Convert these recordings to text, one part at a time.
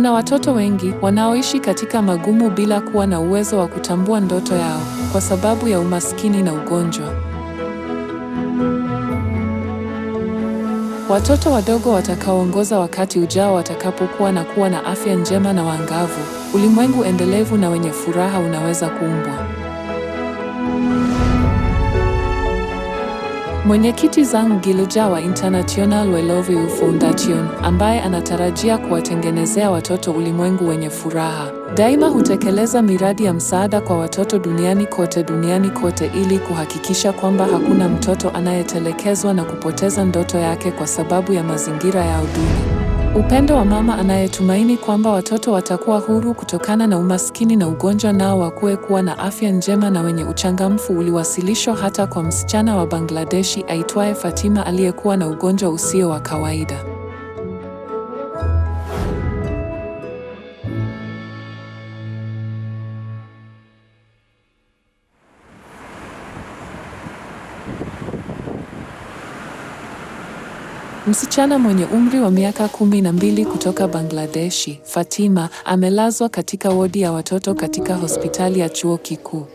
Kuna watoto wengi wanaoishi katika magumu bila kuwa na uwezo wa kutambua ndoto yao kwa sababu ya umaskini na ugonjwa. Watoto wadogo watakaoongoza wakati ujao watakapokuwa na kuwa na afya njema na waangavu, ulimwengu endelevu na wenye furaha unaweza kuumbwa. Mwenyekiti Zhang Giluja wa International Wellbeing Foundation, ambaye anatarajia kuwatengenezea watoto ulimwengu wenye furaha, daima hutekeleza miradi ya msaada kwa watoto duniani kote duniani kote ili kuhakikisha kwamba hakuna mtoto anayetelekezwa na kupoteza ndoto yake kwa sababu ya mazingira yao duni. Upendo wa mama anayetumaini kwamba watoto watakuwa huru kutokana na umaskini na ugonjwa nao wakue kuwa na afya njema na wenye uchangamfu uliwasilishwa hata kwa msichana wa Bangladeshi aitwaye Fatima aliyekuwa na ugonjwa usio wa kawaida. Msichana mwenye umri wa miaka kumi na mbili kutoka Bangladeshi, Fatima, amelazwa katika wodi ya watoto katika hospitali ya chuo kikuu.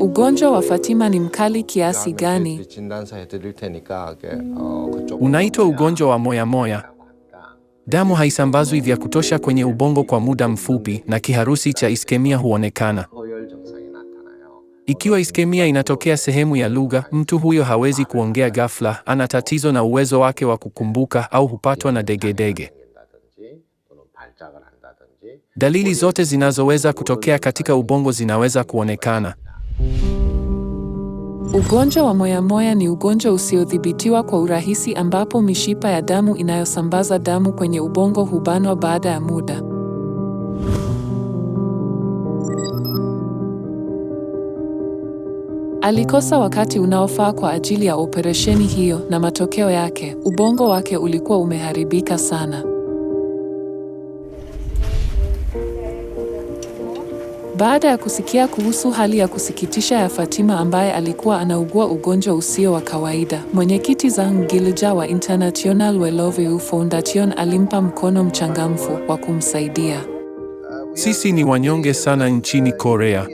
Ugonjwa wa Fatima ni mkali kiasi gani? Unaitwa ugonjwa wa moyamoya moya. Damu haisambazwi vya kutosha kwenye ubongo kwa muda mfupi na kiharusi cha iskemia huonekana. Ikiwa iskemia inatokea sehemu ya lugha, mtu huyo hawezi kuongea ghafla, ana tatizo na uwezo wake wa kukumbuka au hupatwa na degedege. Dalili zote zinazoweza kutokea katika ubongo zinaweza kuonekana. Ugonjwa wa moyamoya ni ugonjwa usiodhibitiwa kwa urahisi ambapo mishipa ya damu inayosambaza damu kwenye ubongo hubanwa baada ya muda. Alikosa wakati unaofaa kwa ajili ya operesheni hiyo na matokeo yake, ubongo wake ulikuwa umeharibika sana. Baada ya kusikia kuhusu hali ya kusikitisha ya Fatima ambaye alikuwa anaugua ugonjwa usio wa kawaida, mwenyekiti Zhang Gilja wa International Wellbeing Foundation alimpa mkono mchangamfu wa kumsaidia. Sisi ni wanyonge sana nchini Korea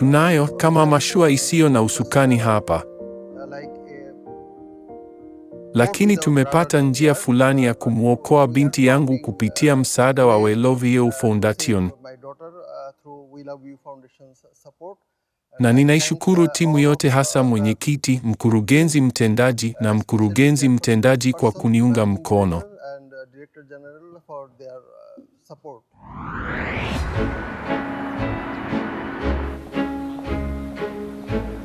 tunayo kama mashua isiyo na usukani hapa, lakini tumepata njia fulani ya kumwokoa binti yangu kupitia msaada wa We Love You Foundation na ninaishukuru timu yote, hasa mwenyekiti, mkurugenzi mtendaji na mkurugenzi mtendaji kwa kuniunga mkono.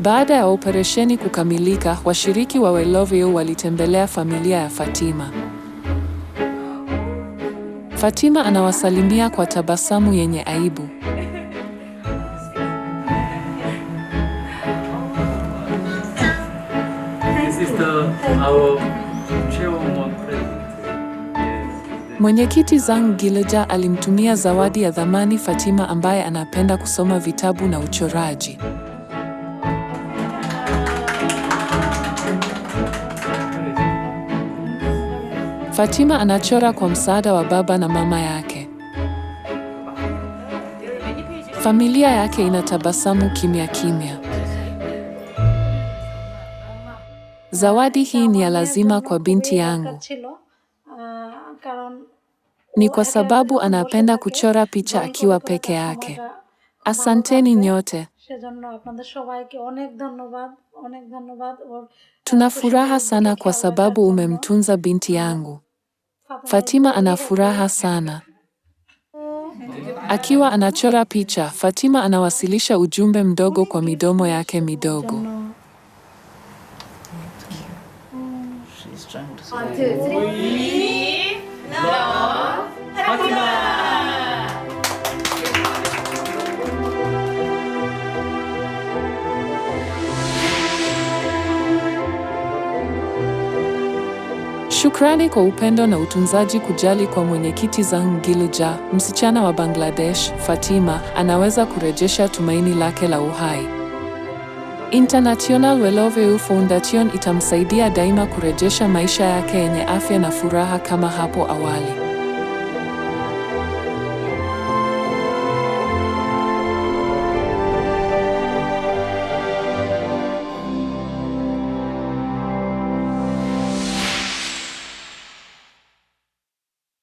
Baada ya operesheni kukamilika, washiriki wa We You walitembelea familia ya Fatima. Fatima anawasalimia kwa tabasamu yenye aibu. Mwenyekiti Zang Gileja alimtumia zawadi ya dhamani Fatima ambaye anapenda kusoma vitabu na uchoraji. Fatima anachora kwa msaada wa baba na mama yake. Familia yake inatabasamu kimya kimya. Zawadi hii ni ya lazima kwa binti yangu. Ni kwa sababu anapenda kuchora picha akiwa peke yake. Asanteni nyote. Tuna furaha sana kwa sababu umemtunza binti yangu. Fatima ana furaha sana. Akiwa anachora picha, Fatima anawasilisha ujumbe mdogo kwa midomo yake midogo. One, two, three. No. Fatima. Shukrani kwa upendo na utunzaji kujali kwa mwenyekiti Zang msichana wa Bangladesh, Fatima, anaweza kurejesha tumaini lake la uhai. International Wellove Foundation itamsaidia daima kurejesha maisha yake yenye afya na furaha kama hapo awali.